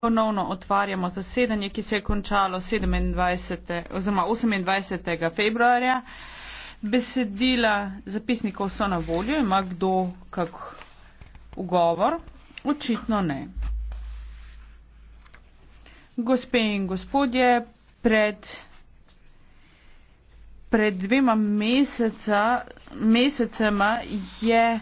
ponovno otvarjamo zasedanje, ki se je končalo 27. oziroma 28. februarja. Besedila zapisnikov so na voljo, ima kdo kak ugovor? Očitno ne. Gospe in gospodje, pred, pred dvema meseca, mesecema je